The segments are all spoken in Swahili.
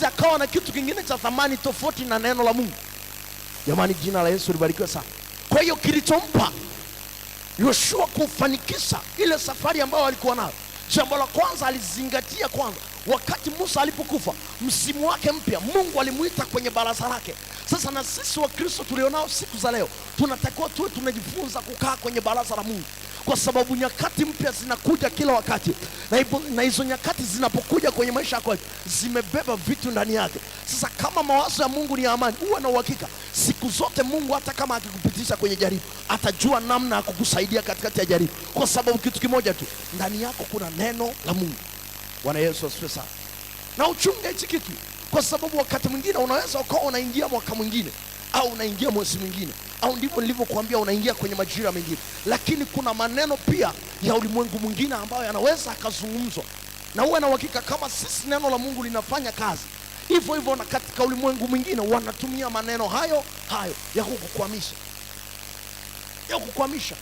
basi akawa na kitu kingine cha thamani tofauti na neno la Mungu. Jamani, jina la Yesu libarikiwe sana. Kwa hiyo kilichompa Yoshua kufanikisha ile safari ambayo alikuwa nayo, jambo la kwanza alizingatia kwanza Wakati Musa alipokufa, msimu wake mpya, Mungu alimuita kwenye baraza lake. Sasa na sisi Wakristo tulionao siku za leo, tunatakiwa tuwe tunajifunza kukaa kwenye baraza la Mungu, kwa sababu nyakati mpya zinakuja kila wakati, na hizo nyakati zinapokuja kwenye maisha yako zimebeba vitu ndani yake. Sasa kama mawazo ya Mungu ni ya amani, huwa na uhakika siku zote Mungu hata kama akikupitisha kwenye jaribu, atajua namna ya kukusaidia katikati ya jaribu, kwa sababu kitu kimoja tu, ndani yako kuna neno la Mungu. Bwana Yesu asifiwe sana. Na uchunge hichi kitu, kwa sababu wakati mwingine unaweza ukawa unaingia mwaka mwingine au unaingia mwezi mwingine, au ndivyo nilivyokuambia, unaingia kwenye majira mengine, lakini kuna maneno pia ya ulimwengu mwingine ambayo yanaweza akazungumzwa, na uwe na uhakika kama sisi neno la Mungu linafanya kazi hivyo hivyo, na katika ulimwengu mwingine wanatumia maneno hayo hayo ya kukukwamisha, ya kukwamisha.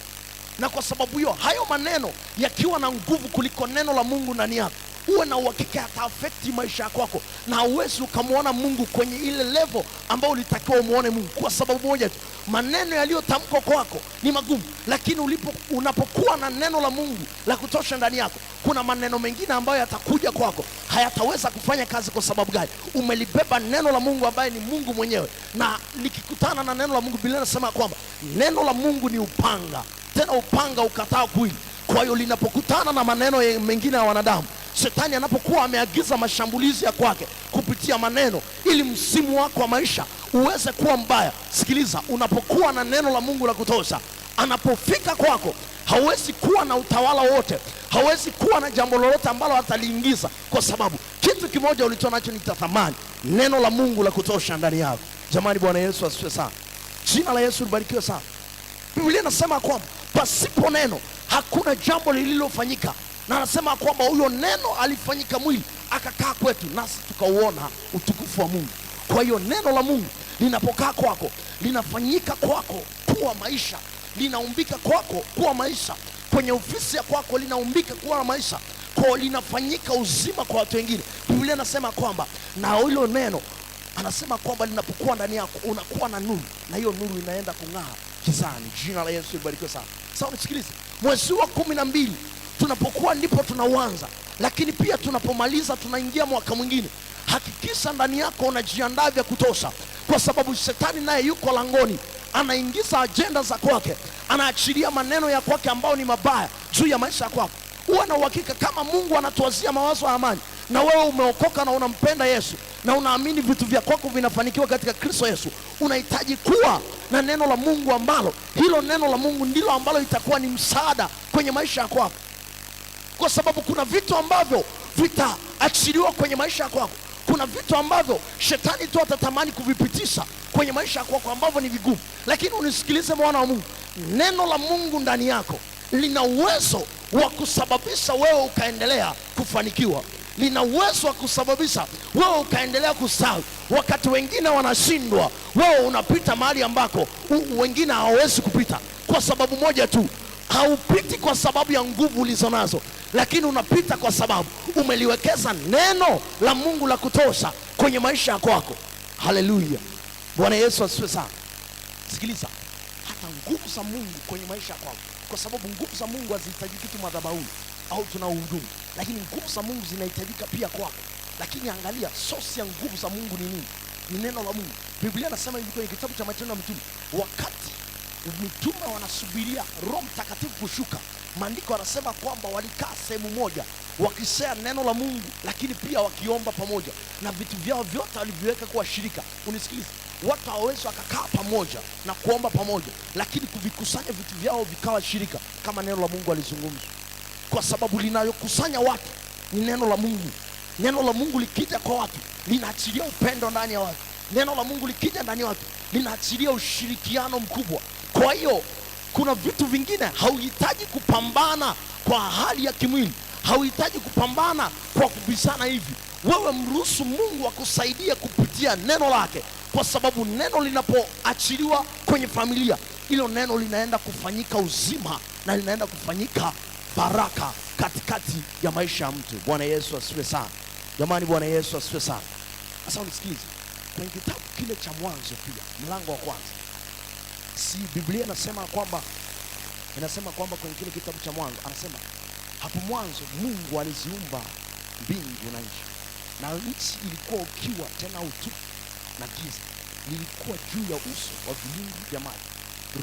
Na kwa sababu hiyo, hayo maneno yakiwa na nguvu kuliko neno la Mungu ndani yako uwe na uhakika ataafekti maisha yako yako, na hauwezi ukamwona Mungu kwenye ile level ambayo ulitakiwa umwone Mungu kwa sababu moja tu, maneno yaliyotamkwa kwako ni magumu, lakini ulipo, unapokuwa na neno la Mungu la kutosha ndani yako, kuna maneno mengine ambayo yatakuja kwako hayataweza kufanya kazi. Kwa sababu gani? Umelibeba neno la Mungu ambaye ni Mungu mwenyewe, na likikutana na neno la Mungu, bila nasema kwamba neno la Mungu ni upanga, tena upanga ukataa kuili Kwa hiyo linapokutana na maneno mengine ya wanadamu Shetani anapokuwa ameagiza mashambulizi ya kwake kupitia maneno, ili msimu wako wa maisha uweze kuwa mbaya, sikiliza, unapokuwa na neno la Mungu la kutosha, anapofika kwako hawezi kuwa na utawala wote, hawezi kuwa na jambo lolote ambalo ataliingiza, kwa sababu kitu kimoja ulicho nacho ni cha thamani, neno la Mungu la kutosha ndani yako. Jamani, Bwana Yesu asifiwe sana, jina la Yesu libarikiwe sana. Biblia inasema kwamba pasipo neno hakuna jambo lililofanyika na anasema kwamba huyo neno alifanyika mwili akakaa kwetu, nasi tukauona utukufu wa Mungu. Kwa hiyo neno la Mungu linapokaa kwako linafanyika kwako kuwa maisha, linaumbika kwako kuwa maisha, kwenye ofisi ya kwako linaumbika kuwa maisha, ko linafanyika uzima kwa watu wengine. Biblia anasema kwamba na hilo neno anasema kwamba linapokuwa ndani yako unakuwa na nuru, na hiyo nuru inaenda kung'aa gizani. Jina la Yesu libarikiwe sana. Sasa unisikilize, mwezi wa kumi na mbili Tunapokuwa ndipo tunauanza, lakini pia tunapomaliza tunaingia mwaka mwingine. Hakikisha ndani yako unajiandaa vya kutosha, kwa sababu shetani naye yuko langoni, anaingiza ajenda za kwake, anaachilia maneno ya kwake ambayo ni mabaya juu ya maisha ya kwako. Huwa na uhakika kama Mungu anatuwazia mawazo ya amani, na wewe umeokoka na unampenda Yesu na unaamini vitu vya kwako vinafanikiwa katika Kristo Yesu, unahitaji kuwa na neno la Mungu ambalo hilo neno la Mungu ndilo ambalo itakuwa ni msaada kwenye maisha ya kwako kwa sababu kuna vitu ambavyo vitaachiliwa kwenye maisha ya kwako. Kuna vitu ambavyo shetani tu atatamani kuvipitisha kwenye maisha ya kwako ambavyo ni vigumu, lakini unisikilize, mwana wa Mungu, neno la Mungu ndani yako lina uwezo wa kusababisha wewe ukaendelea kufanikiwa lina uwezo wa kusababisha wewe ukaendelea kustawi. Wakati wengine wanashindwa, wewe unapita mahali ambako wengine hawawezi kupita, kwa sababu moja tu, haupiti kwa sababu ya nguvu ulizonazo lakini unapita kwa sababu umeliwekeza neno la Mungu la kutosha kwenye maisha yako kwako Haleluya, Bwana Yesu asifiwe sana. Sikiliza, hata nguvu za Mungu kwenye maisha yako kwako kwa sababu nguvu za Mungu hazihitaji kitu madhabahuni au tunaohudumu, lakini nguvu za Mungu zinahitajika pia kwako. Lakini angalia sosi ya nguvu za Mungu ni nini? Ni neno la Mungu. Biblia inasema hivi kwenye kitabu cha Matendo ya Mitume, wakati mitume wanasubiria Roho Mtakatifu kushuka maandiko anasema kwamba walikaa sehemu moja wakisea neno la Mungu, lakini pia wakiomba pamoja, na vitu vyao vyote walivyoweka kuwa shirika. Unisikilize, watu hawawezi wakakaa pamoja na kuomba pamoja, lakini kuvikusanya vitu vyao vikawa shirika, kama neno la Mungu alizungumzwa, kwa sababu linayokusanya watu ni neno la Mungu. Neno la Mungu likija kwa watu linaachilia upendo ndani ya watu. Neno la Mungu likija ndani ya watu linaachilia ushirikiano mkubwa. Kwa hiyo kuna vitu vingine hauhitaji kupambana kwa hali ya kimwili, hauhitaji kupambana kwa kubishana hivi. Wewe mruhusu Mungu akusaidie kupitia neno lake, kwa sababu neno linapoachiliwa kwenye familia, hilo neno linaenda kufanyika uzima na linaenda kufanyika baraka katikati ya maisha ya mtu. Bwana Yesu asifiwe sana jamani, Bwana Yesu asifiwe sana. Sasa unisikilize kwenye kitabu kile cha Mwanzo pia mlango wa kwanza si Biblia inasema kwamba inasema kwamba kwenye kile kitabu cha Mwanzo anasema hapo mwanzo Mungu aliziumba mbingu na nchi, na nchi ilikuwa ukiwa tena utupu na giza lilikuwa juu ya uso wa vilindi vya maji.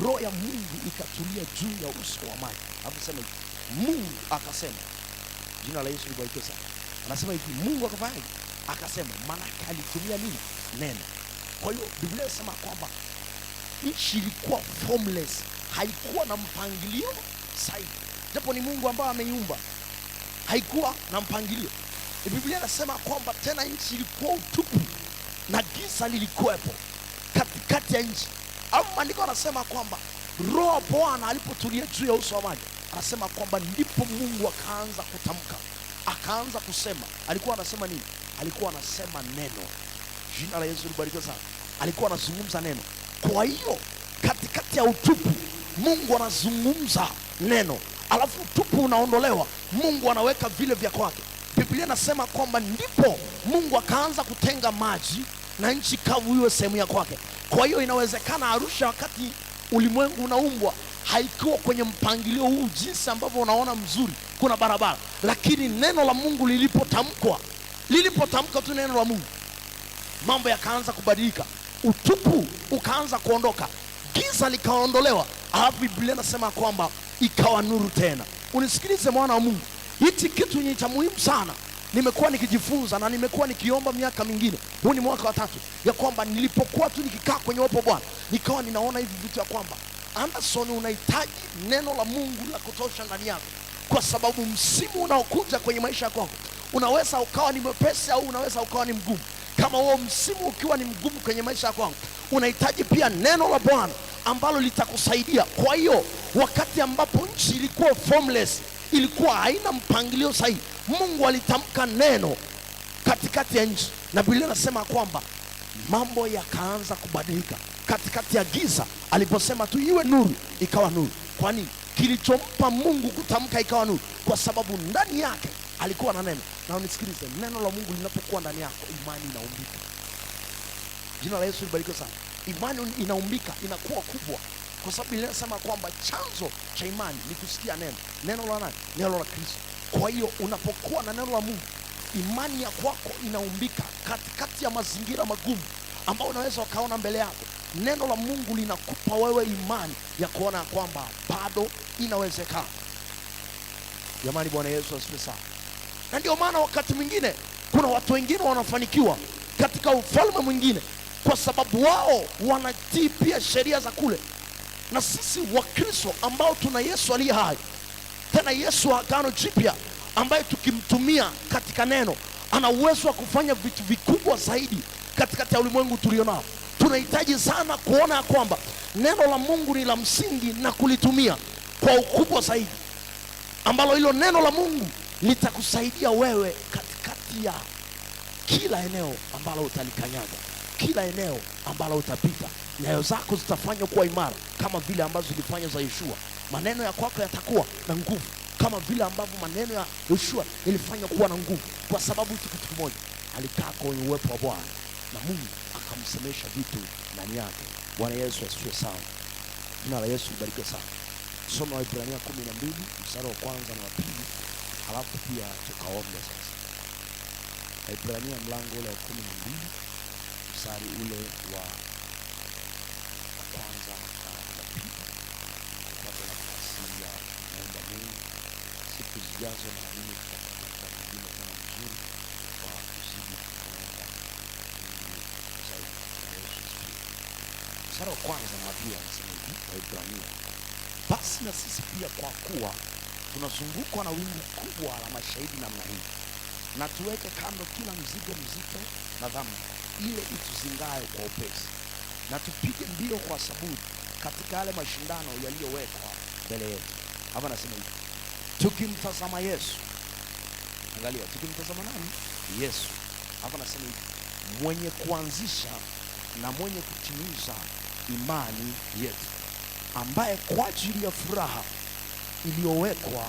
Roho ya Mungu ikatulia juu ya uso wa maji. Anasema hivi, Mungu akasema, jina la Yesu libarikiwe sana. Anasema hivi, Mungu akafanya akasema, maanake alitumia nini? Neno. Kwa hiyo Biblia inasema kwamba nchi ilikuwa formless, haikuwa na mpangilio sahihi, japo ni Mungu ambaye ameiumba, haikuwa na mpangilio. Biblia inasema kwamba tena nchi ilikuwa utupu na giza lilikuwepo katikati ya nchi, au maandiko anasema kwamba roho Bwana alipotulia juu ya uso wa maji, anasema kwamba ndipo Mungu akaanza kutamka, akaanza kusema. Alikuwa anasema nini? Alikuwa anasema neno. Jina la Yesu libarikiwe sana. Alikuwa anazungumza neno kwa hiyo katikati ya utupu Mungu anazungumza neno, alafu utupu unaondolewa, Mungu anaweka vile vya kwake. Biblia inasema kwamba ndipo Mungu akaanza kutenga maji na nchi kavu iwe sehemu ya kwake. Kwa hiyo inawezekana Arusha wakati ulimwengu unaumbwa haikuwa kwenye mpangilio huu jinsi ambavyo unaona mzuri, kuna barabara, lakini neno la Mungu lilipotamkwa, lilipotamkwa tu neno la Mungu, mambo yakaanza kubadilika utupu ukaanza kuondoka, giza likaondolewa, alafu Biblia inasema kwamba ikawa nuru tena. Unisikilize mwana wa Mungu, hichi kitu ni cha muhimu sana nimekuwa nikijifunza na nimekuwa nikiomba miaka mingine, huu ni mwaka wa tatu, ya kwamba nilipokuwa tu nikikaa kwenye uwepo Bwana nikawa ninaona hivi vitu ya kwamba Anderson, unahitaji neno la Mungu la kutosha ndani yako, kwa sababu msimu unaokuja kwenye maisha yako unaweza ukawa ni mwepesi au unaweza ukawa ni mgumu. Kama huo msimu ukiwa ni mgumu kwenye maisha ya kwangu, unahitaji pia neno la Bwana ambalo litakusaidia. Kwa hiyo wakati ambapo nchi ilikuwa formless, ilikuwa haina mpangilio sahihi, Mungu alitamka neno katikati ya nchi, na Biblia inasema kwamba mambo yakaanza kubadilika katikati ya giza. Aliposema tu iwe nuru, ikawa nuru. kwani Kilichompa Mungu kutamka ikawa nuru, kwa sababu ndani yake alikuwa na neno na unisikilize, neno la Mungu linapokuwa ndani yako, imani inaumbika. Jina la Yesu libarikiwe sana. Imani inaumbika, inakuwa kubwa, kwa sababu linasema kwamba chanzo cha imani ni kusikia neno. Neno la nani? Neno la Kristo. Kwa hiyo unapokuwa na neno la Mungu, imani ya kwako inaumbika katikati ya mazingira magumu ambao unaweza ukaona mbele yako. Neno la Mungu linakupa wewe imani ya kuona kwamba bado inawezekana. Jamani, Bwana Yesu asifiwe sana. Na ndio maana wakati mwingine kuna watu wengine wanafanikiwa katika ufalme mwingine kwa sababu wao wanatii pia sheria za kule. Na sisi Wakristo ambao tuna Yesu aliye hai, tena Yesu akano Agano Jipya ambaye tukimtumia katika neno ana uwezo wa kufanya vitu vikubwa zaidi katikati ya ulimwengu tulionao. Tunahitaji sana kuona ya kwamba neno la Mungu ni la msingi na kulitumia kwa ukubwa zaidi, ambalo hilo neno la Mungu nitakusaidia wewe katikati ya kila eneo ambalo utalikanyaga, kila eneo ambalo utapita. Nyayo zako zitafanywa kuwa imara kama vile ambazo zilifanywa za Yoshua. Maneno ya kwako yatakuwa na nguvu kama vile ambavyo maneno ya Yoshua yalifanywa kuwa na nguvu, kwa sababu tu kitu kimoja, alikaa kwenye uwepo wa Bwana na Mungu akamsemesha vitu ndani yake. Bwana Yesu asifiwe sana. Jina la Yesu libarikiwe sana. Soma Waebrania kumi na mbili mstari wa kwanza na wa pili halafu pia tukaombe sasa. Waibrania mlango ule wa kumi na mbili mstari ule wa kwanza na wa pili tupate nafasi ya kuomba Mungu siku zijazo, na mimi tutapata mwingine tena mzuri wa kuzidi kuomba Mstari wa kwanza nabii anasema hivi, basi na sisi pia kwa kuwa tunazungukwa na wingu kubwa la mashahidi namna hii, na tuweke kando kila mzigo mzito na dhambi ile ituzingayo kwa upesi, na tupige mbio kwa saburi katika yale mashindano yaliyowekwa mbele yetu. Hapa nasema hivi, tukimtazama Yesu. Angalia, tukimtazama nani? Yesu. Hapa nasema hivi, mwenye kuanzisha na mwenye kutimiza imani yetu, ambaye kwa ajili ya furaha iliyowekwa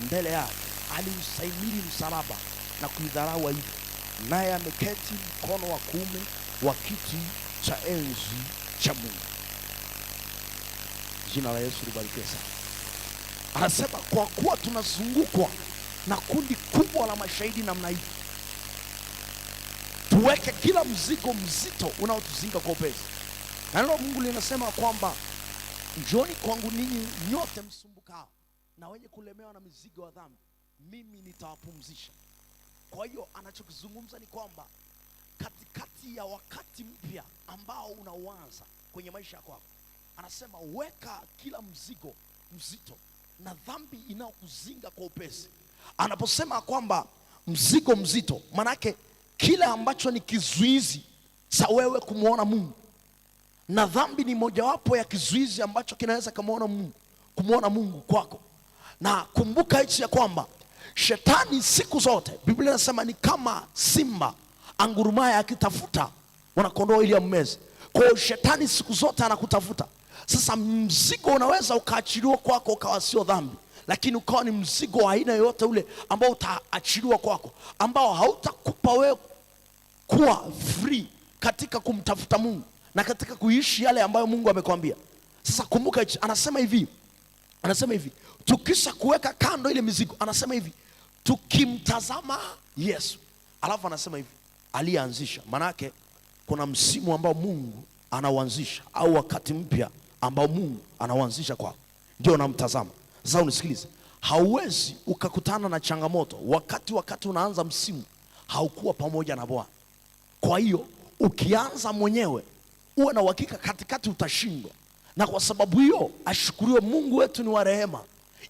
mbele yake. Aliusaimili msalaba na kuidharau aibu, naye ameketi mkono wa kuume wa kiti cha enzi cha Mungu. Jina la Yesu libarikiwe sana. Anasema kwa kuwa tunazungukwa na kundi kubwa la mashahidi namna hii, tuweke kila mzigo mzito unaotuzinga kwa upesi. Neno Mungu linasema kwamba njoni kwangu ninyi nyote msumbukao na wenye kulemewa na mizigo wa dhambi, mimi nitawapumzisha. Kwa hiyo anachokizungumza ni kwamba katikati ya wakati mpya ambao unauanza kwenye maisha yako, anasema weka kila mzigo mzito na dhambi inayokuzinga kwa upesi. Anaposema kwamba mzigo mzito, manake kile ambacho ni kizuizi cha wewe kumwona Mungu, na dhambi ni mojawapo ya kizuizi ambacho kinaweza kumwona Mungu, kumwona Mungu kwako. Na kumbuka hichi ya kwamba shetani siku zote Biblia inasema ni kama simba angurumaye akitafuta wanakondoa ili ammeze. Kwa hiyo shetani siku zote anakutafuta. Sasa mzigo unaweza ukaachiliwa kwako ukawa sio dhambi, lakini ukawa ni mzigo wa aina yoyote ule ambao utaachiliwa kwako, ambao hautakupa wewe kuwa free katika kumtafuta Mungu na katika kuishi yale ambayo Mungu amekwambia. Sasa kumbuka hichi, anasema hivi, anasema hivi, tukisha kuweka kando ile mizigo, anasema hivi tukimtazama Yesu. Alafu anasema hivi aliyeanzisha. Maanake kuna msimu ambao Mungu anauanzisha au wakati mpya ambao Mungu anauanzisha kwa ndio unamtazama sasa. Unisikilize, hauwezi ukakutana na changamoto wakati wakati unaanza msimu haukuwa pamoja na Bwana. Kwa hiyo ukianza mwenyewe uwe na uhakika katikati utashindwa, na kwa sababu hiyo ashukuriwe Mungu wetu ni wa rehema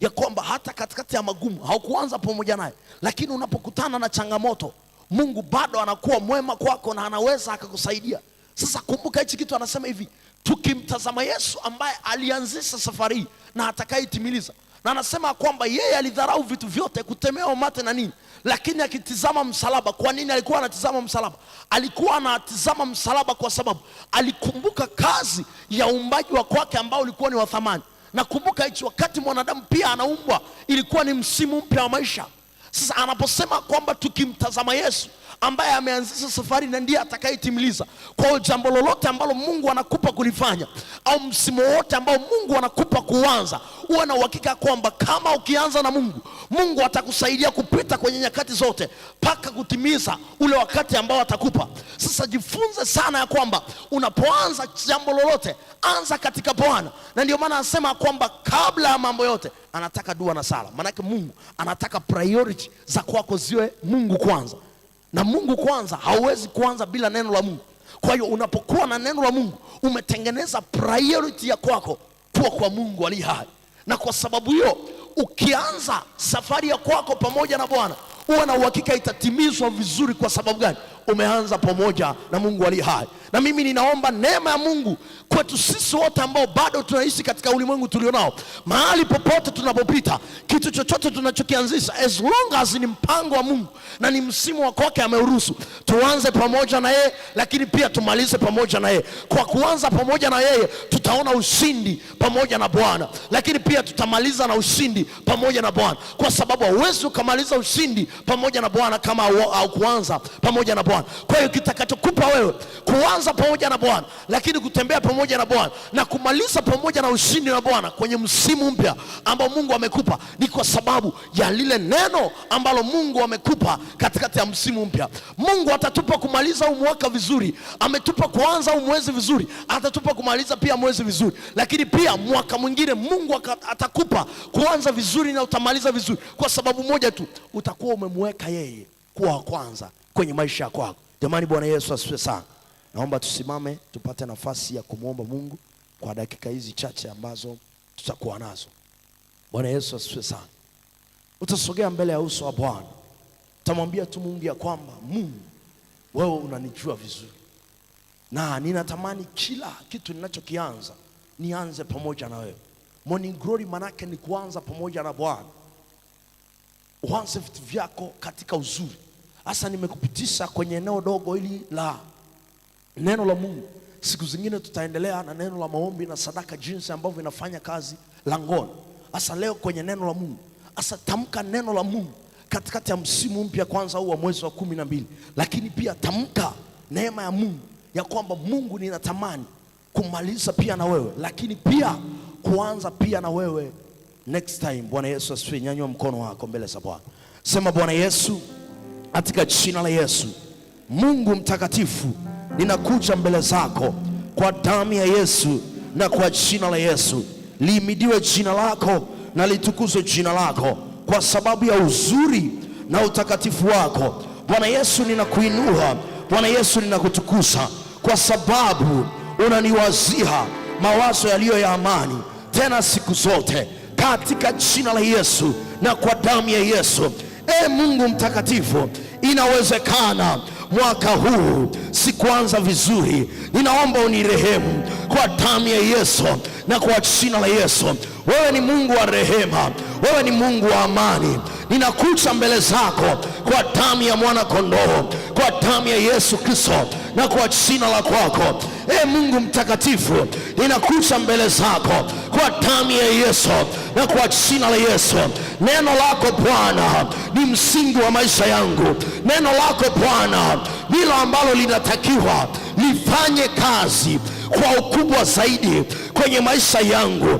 ya kwamba hata katikati ya magumu haukuanza pamoja naye, lakini unapokutana na changamoto Mungu bado anakuwa mwema kwako na anaweza akakusaidia. Sasa kumbuka hichi kitu, anasema hivi, tukimtazama Yesu ambaye alianzisha safari na atakayetimiliza, na anasema kwamba yeye alidharau vitu vyote, kutemewa mate na nini, lakini akitizama msalaba. Kwa nini alikuwa anatizama msalaba? Alikuwa anatizama msalaba kwa sababu alikumbuka kazi ya uumbaji wa kwake ambao ulikuwa ni wa thamani. Nakumbuka hichi wakati mwanadamu pia anaumbwa, ilikuwa ni msimu mpya wa maisha. Sasa anaposema kwamba tukimtazama Yesu ambaye ameanzisha safari na ndiye atakayetimiliza. Kwa hiyo jambo lolote ambalo Mungu anakupa kulifanya au msimu wote ambao Mungu anakupa kuanza, uwe na uhakika kwamba kama ukianza na Mungu, Mungu atakusaidia kupita kwenye nyakati zote mpaka kutimiza ule wakati ambao atakupa. Sasa jifunze sana ya kwamba unapoanza jambo lolote, anza katika Bwana, na ndio maana anasema kwamba kabla ya mambo yote anataka dua na sala. Maanake Mungu anataka priority za kwako ziwe Mungu kwanza na Mungu kwanza, hauwezi kuanza bila neno la Mungu. Kwa hiyo unapokuwa na neno la Mungu umetengeneza priority ya kwako kuwa kwa Mungu ali hai, na kwa sababu hiyo ukianza safari ya kwako pamoja na Bwana uwe na uhakika itatimizwa vizuri. Kwa sababu gani? umeanza pamoja na Mungu aliye hai. Na mimi ninaomba neema ya Mungu kwetu sisi wote ambao bado tunaishi katika ulimwengu tulionao, mahali popote tunapopita, kitu chochote tunachokianzisha, as long as ni mpango wa Mungu na ni msimu wa kwake, ameuruhusu tuanze pamoja na yeye, lakini pia tumalize pamoja na yeye. Kwa kuanza pamoja na yeye, tutaona ushindi pamoja na Bwana, lakini pia tutamaliza na ushindi pamoja na Bwana, kwa sababu hauwezi ukamaliza ushindi pamoja na Bwana kama haukuanza pamoja na Bwana. Bwana. Kwa hiyo kitakachokupa wewe kuanza pamoja na Bwana, lakini kutembea pamoja na Bwana na kumaliza pamoja na ushindi wa Bwana kwenye msimu mpya ambao Mungu amekupa ni kwa sababu ya lile neno ambalo Mungu amekupa katikati ya msimu mpya. Mungu atatupa kumaliza huu mwaka vizuri, ametupa kuanza huu mwezi vizuri, atatupa kumaliza pia mwezi vizuri, lakini pia mwaka mwingine Mungu atakupa kuanza vizuri na utamaliza vizuri, kwa sababu moja tu, utakuwa umemweka yeye kuwa wa kwanza kwenye maisha yako yako. Jamani, Bwana Yesu asifiwe sana. Naomba tusimame tupate nafasi ya kumwomba Mungu kwa dakika hizi chache ambazo tutakuwa nazo. Bwana Yesu asifiwe sana. Utasogea mbele ya uso wa Bwana, utamwambia tu Mungu ya kwamba Mungu, wewe unanijua vizuri na ninatamani kila kitu ninachokianza nianze pamoja na wewe. Morning glory manake ni kuanza pamoja na Bwana, uanze vitu vyako katika uzuri sasa nimekupitisha kwenye eneo dogo hili la neno la Mungu. Siku zingine tutaendelea na neno la maombi na sadaka, jinsi ambavyo inafanya kazi langoni. Sasa leo kwenye neno la Mungu, sasa tamka neno la Mungu katikati ya msimu mpya kwanza huu wa mwezi wa kumi na mbili, lakini pia tamka neema ya Mungu ya kwamba Mungu, ninatamani kumaliza pia na wewe, lakini pia kuanza pia na wewe next time. Bwana Yesu asifiwe. Nyanyua mkono wako mbele za Bwana, sema Bwana Yesu katika jina la Yesu. Mungu mtakatifu, ninakuja mbele zako kwa damu ya Yesu na kwa jina la Yesu. Lihimidiwe jina lako na litukuzwe jina lako kwa sababu ya uzuri na utakatifu wako. Bwana Yesu, ninakuinua. Bwana Yesu, ninakutukuza kwa sababu unaniwazia mawazo yaliyo ya amani tena siku zote, katika jina la Yesu na kwa damu ya Yesu. E Mungu mtakatifu Inawezekana mwaka huu sikuanza vizuri, ninaomba unirehemu kwa damu ya Yesu na kwa jina la Yesu. Wewe ni Mungu wa rehema, wewe ni Mungu wa amani. Ninakuja mbele zako kwa damu ya mwana kondoo, kwa damu ya Yesu Kristo na kwa jina la kwako e Mungu mtakatifu, ninakuja mbele zako kwa damu ya Yesu na kwa jina la Yesu. Neno lako Bwana ni msingi wa maisha yangu, neno lako Bwana ndilo ambalo linatakiwa lifanye kazi kwa ukubwa zaidi kwenye maisha yangu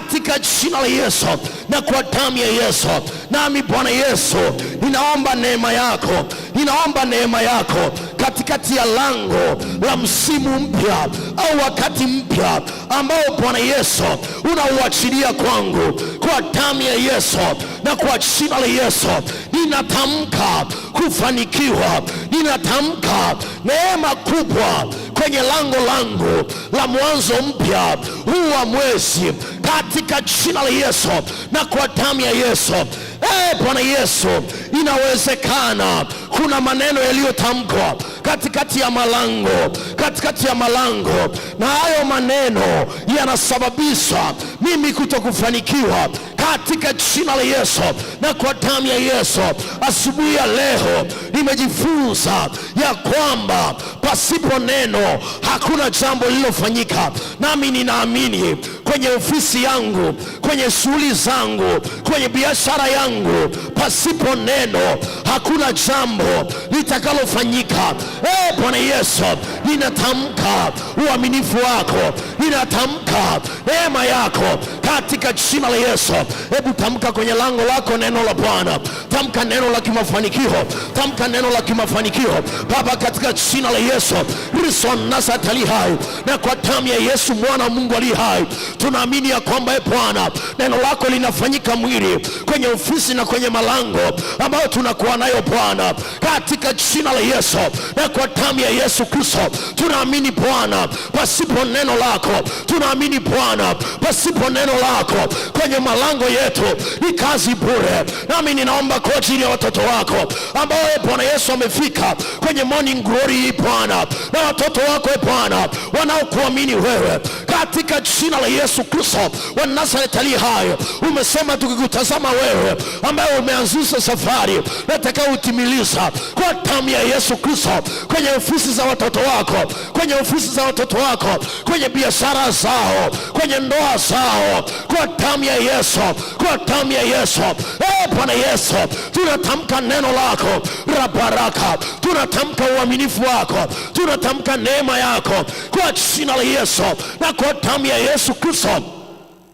katika jina la Yesu na kwa damu ya Yesu. Nami Bwana Yesu, ninaomba neema yako, ninaomba neema yako katikati ya lango la msimu mpya au wakati mpya ambao Bwana Yesu unauachilia kwangu, kwa damu ya Yesu na kwa jina la Yesu ninatamka kufanikiwa, ninatamka neema kubwa kwenye lango langu la mwanzo mpya huu wa mwezi katika jina la Yesu na kwa damu ya Yesu. Hey, eh, Bwana Yesu, inawezekana kuna maneno yaliyotamkwa katikati ya malango, katikati ya malango, na hayo maneno yanasababisha mimi kutokufanikiwa katika jina la Yesu na kwa damu ya Yesu. Asubuhi ya leo nimejifunza ya kwamba pasipo neno hakuna jambo lililofanyika, nami ninaamini kwenye ofisi yangu, kwenye shughuli zangu, kwenye biashara yangu, pasipo neno hakuna jambo litakalofanyika. Hey, eh, Bwana Yesu ninatamka uaminifu wako, ninatamka neema yako katika jina la Yesu. Hebu tamka kwenye lango lako neno la Bwana, tamka neno la kimafanikio, tamka neno la kimafanikio Baba, katika jina la Yesu Kristo nasat ali hai, na kwa damu ya Yesu mwana wa Mungu ali hai, tunaamini ya kwamba e Bwana, neno lako linafanyika mwili kwenye ofisi na kwenye malango ambayo tunakuwa nayo Bwana, katika jina la Yesu na kwa damu ya Yesu Kristo Tunaamini Bwana, pasipo neno lako tunaamini Bwana, pasipo neno lako kwenye malango yetu ni kazi bure. Nami ninaomba kwa ajili ya watoto wako ambao Bwana Yesu amefika kwenye morning glory hii Bwana, na watoto wako Bwana wanaokuamini wewe katika jina la Yesu Kristo wa Nazareti ali hayo Umesema tukikutazama wewe ambaye umeanzisha safari nataka utimiliza kwa damu ya Yesu Kristo, kwenye ofisi za watoto wako, kwenye ofisi za watoto wako, kwenye biashara zao, kwenye ndoa zao, kwa damu ya Yesu, kwa damu ya Yesu. Ee Bwana Yesu, tunatamka neno lako la baraka, tunatamka uaminifu wako, tunatamka neema yako kwa jina la Yesu na kwa kuwa damu ya Yesu Kristo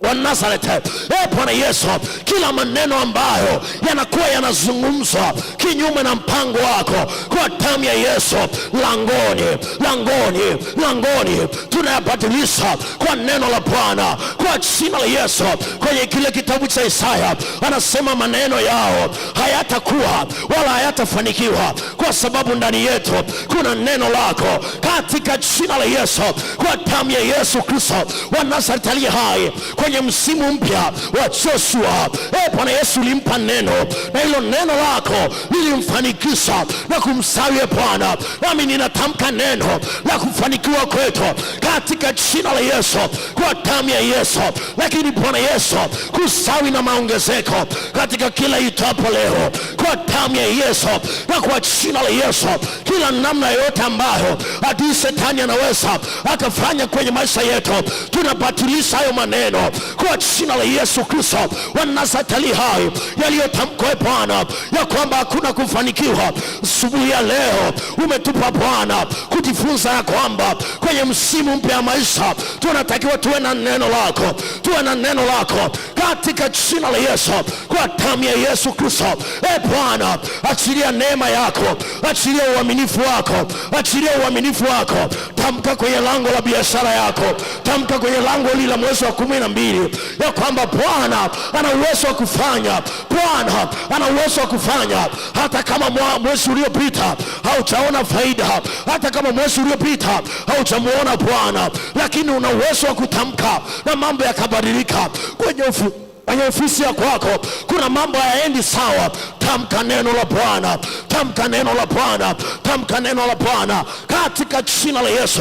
wa Nazareth. E Bwana Yesu, kila maneno ambayo yanakuwa yanazungumzwa kinyume na mpango wako, kwa damu ya Yesu langoni, langoni, langoni, tunayabadilisha kwa neno la Bwana, kwa jina la Yesu. Kwenye kile kitabu cha Isaya anasema maneno yao hayatakuwa wala hayatafanikiwa, kwa sababu ndani yetu kuna neno lako, katika jina la Yesu, kwa damu ya Yesu Kristo wa Nazareti aliye hai kwenye kwenye msimu mpya wa Joshua. E Bwana Yesu, ulimpa neno na hilo neno lako lilimfanikisha na kumsawi. E Bwana, nami ninatamka neno la kufanikiwa kwetu katika jina la Yesu, kwa damu ya Yesu. Lakini Bwana Yesu, kusawi na maongezeko katika kila itapo leo, kwa damu ya Yesu na kwa jina la Yesu, kila namna yoyote ambayo adui shetani anaweza akafanya kwenye maisha yetu tunabatilisha hayo maneno kwa jina la Yesu Kristo wa Nazareti hai, yaliyotamkwa Bwana ya kwamba hakuna kufanikiwa. Asubuhi ya leo umetupa Bwana kujifunza ya kwamba kwenye msimu mpya wa maisha tunatakiwa tuwe na neno lako, tuwe na neno lako katika jina la Yesu, kwa damu ya Yesu Kristo. E Bwana, achilia neema yako, achilia uaminifu wako, achilia uaminifu wako. Tamka kwenye lango la biashara yako, tamka kwenye lango lile la mwezi wa kumi na mbili hili ya kwamba Bwana ana uwezo wa kufanya, Bwana ana uwezo wa kufanya, hata kama mwezi uliopita haujaona faida, hata kama mwezi uliopita haujamuona Bwana, lakini una uwezo wa kutamka na mambo yakabadilika kwenye ufu kwenye ofisi ya kwako kuna mambo hayaendi sawa, tamka neno la Bwana, tamka neno la Bwana, tamka neno la Bwana katika jina la Yesu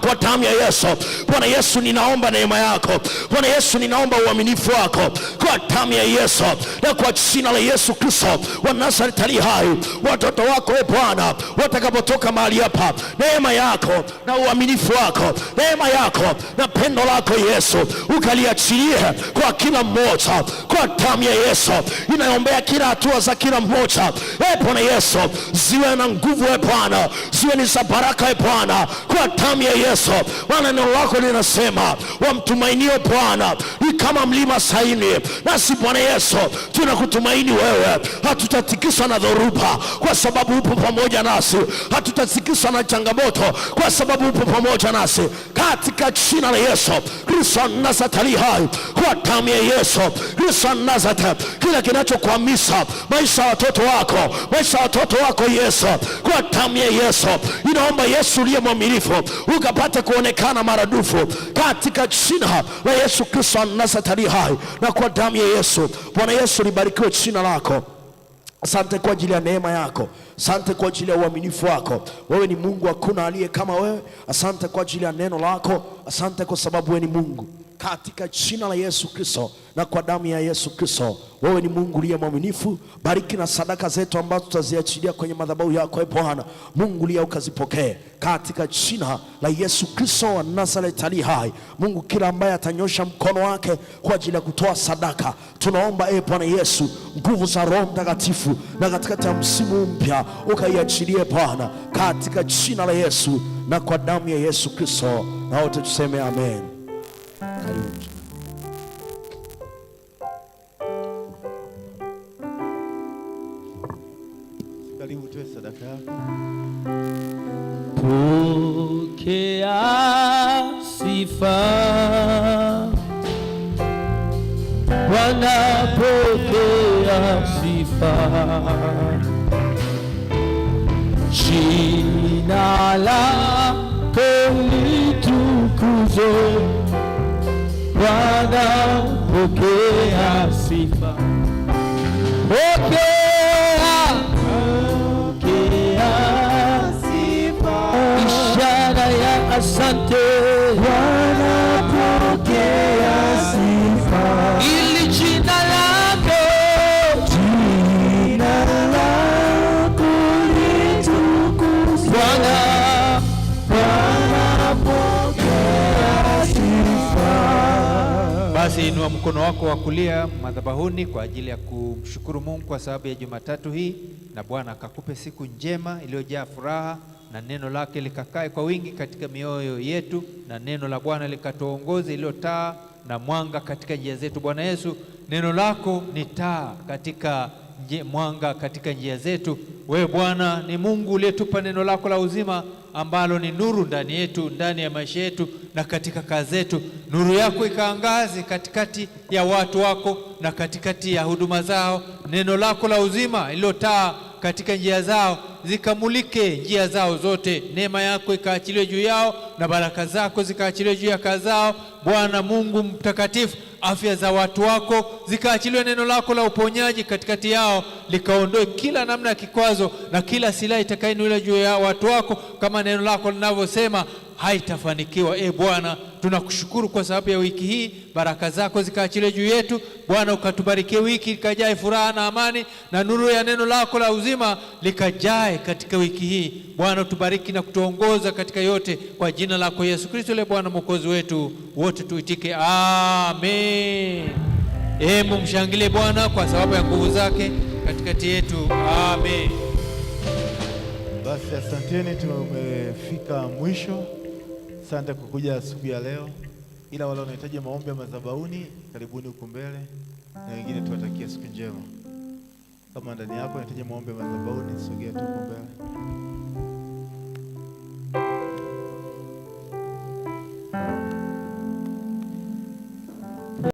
kwa damu ya Yesu. Bwana Yesu, ninaomba neema yako. Bwana Yesu, ninaomba uaminifu wako kwa damu ya Yesu na kwa jina la Yesu Kristo wa Nazareti ali hai. Watoto wako e Bwana watakapotoka mahali hapa, neema yako na uaminifu wako, neema yako na pendo lako Yesu, ukaliachilie kwa kila mmoja kwa damu ya Yesu inayombea kila hatua za kila mmoja. E Bwana Yesu, ziwe na nguvu e Bwana, ziwe ni za baraka e Bwana, kwa damu ya Yesu. Bwana, neno lako linasema wamtumainio Bwana ni kama mlima Saini, nasi Bwana Yesu tunakutumaini wewe. Hatutatikiswa na dhoruba kwa sababu upo pamoja nasi, hatutatikiswa na changamoto kwa sababu upo pamoja nasi, katika jina la Yesu Kristo Nazareti hai, kwa damu ya Yesu Kristo Nazareti, kila kinachokwamisha maisha ya watoto wako, maisha ya watoto wako Yesu, kwa damu ya Yesu inaomba Yesu uliye mwaminifu ukapate kuonekana maradufu katika jina la Yesu Kristo Nazareti hai na kwa damu ya Yesu. Bwana Yesu, libarikiwe jina lako. Asante kwa ajili ya neema yako, asante kwa ajili ya uaminifu wako. Wewe ni Mungu, hakuna aliye kama wewe. Asante kwa ajili ya neno lako, asante kwa sababu wewe ni Mungu katika jina la Yesu Kristo na kwa damu ya Yesu Kristo. Wewe ni Mungu uliye mwaminifu, bariki na sadaka zetu ambazo tutaziachilia kwenye madhabahu yako, e Bwana Mungu uliye, ukazipokee katika jina la Yesu Kristo wa Nazareti ali hai. Mungu, kila ambaye atanyosha mkono wake kwa ajili ya kutoa sadaka, tunaomba e Bwana Yesu, nguvu za Roho Mtakatifu na katikati ya msimu mpya ukaiachilie Bwana, katika jina la Yesu na kwa damu ya Yesu Kristo, na wote tuseme amen. Karibu. Karibu tuwe sadaka yako. Pokea sifa Bwana, pokea sifa jina lako litukuzwe Bwana pokea sifa, pokea, pokea sifa, ishara ya asante mkono wako wa kulia madhabahuni kwa ajili ya kumshukuru Mungu kwa sababu ya Jumatatu hii, na Bwana akakupe siku njema iliyojaa furaha, na neno lake likakae kwa wingi katika mioyo yetu, na neno la Bwana likatuongoze iliyo taa na mwanga katika njia zetu. Bwana Yesu, neno lako ni taa katika mwanga katika njia zetu. Wewe Bwana ni Mungu uliyetupa neno lako la uzima ambalo ni nuru ndani yetu, ndani ya maisha yetu na katika kazi zetu. Nuru yako ikaangaze katikati ya watu wako na katikati ya huduma zao, neno lako la uzima lililo taa katika njia zao zikamulike njia zao zote, neema yako ikaachiliwe juu yao na baraka zako zikaachiliwe juu ya kazi zao. Bwana Mungu mtakatifu, afya za watu wako zikaachiliwe, neno lako la uponyaji katikati yao likaondoe kila namna ya kikwazo na kila silaha itakayoinuliwa juu ya watu wako, kama neno lako linavyosema haitafanikiwa. E Bwana, tunakushukuru kwa sababu ya wiki hii, baraka zako zikaachile juu yetu Bwana, ukatubarikie wiki likajae furaha na amani, na nuru ya neno lako la uzima likajae katika wiki hii. Bwana, utubariki na kutuongoza katika yote, kwa jina lako Yesu Kristo le Bwana mwokozi wetu. Wote tuitike amen. E, mumshangilie Bwana kwa sababu ya nguvu zake katikati yetu, amen. Basi asanteni, tumefika mwisho asante kwa kuja siku ya leo, ila wale wanahitaji maombi ya madhabahuni, karibuni huku mbele, na wengine tuwatakia siku njema. Kama ndani yako unahitaji maombi ya madhabahuni, sogea tu huku mbele.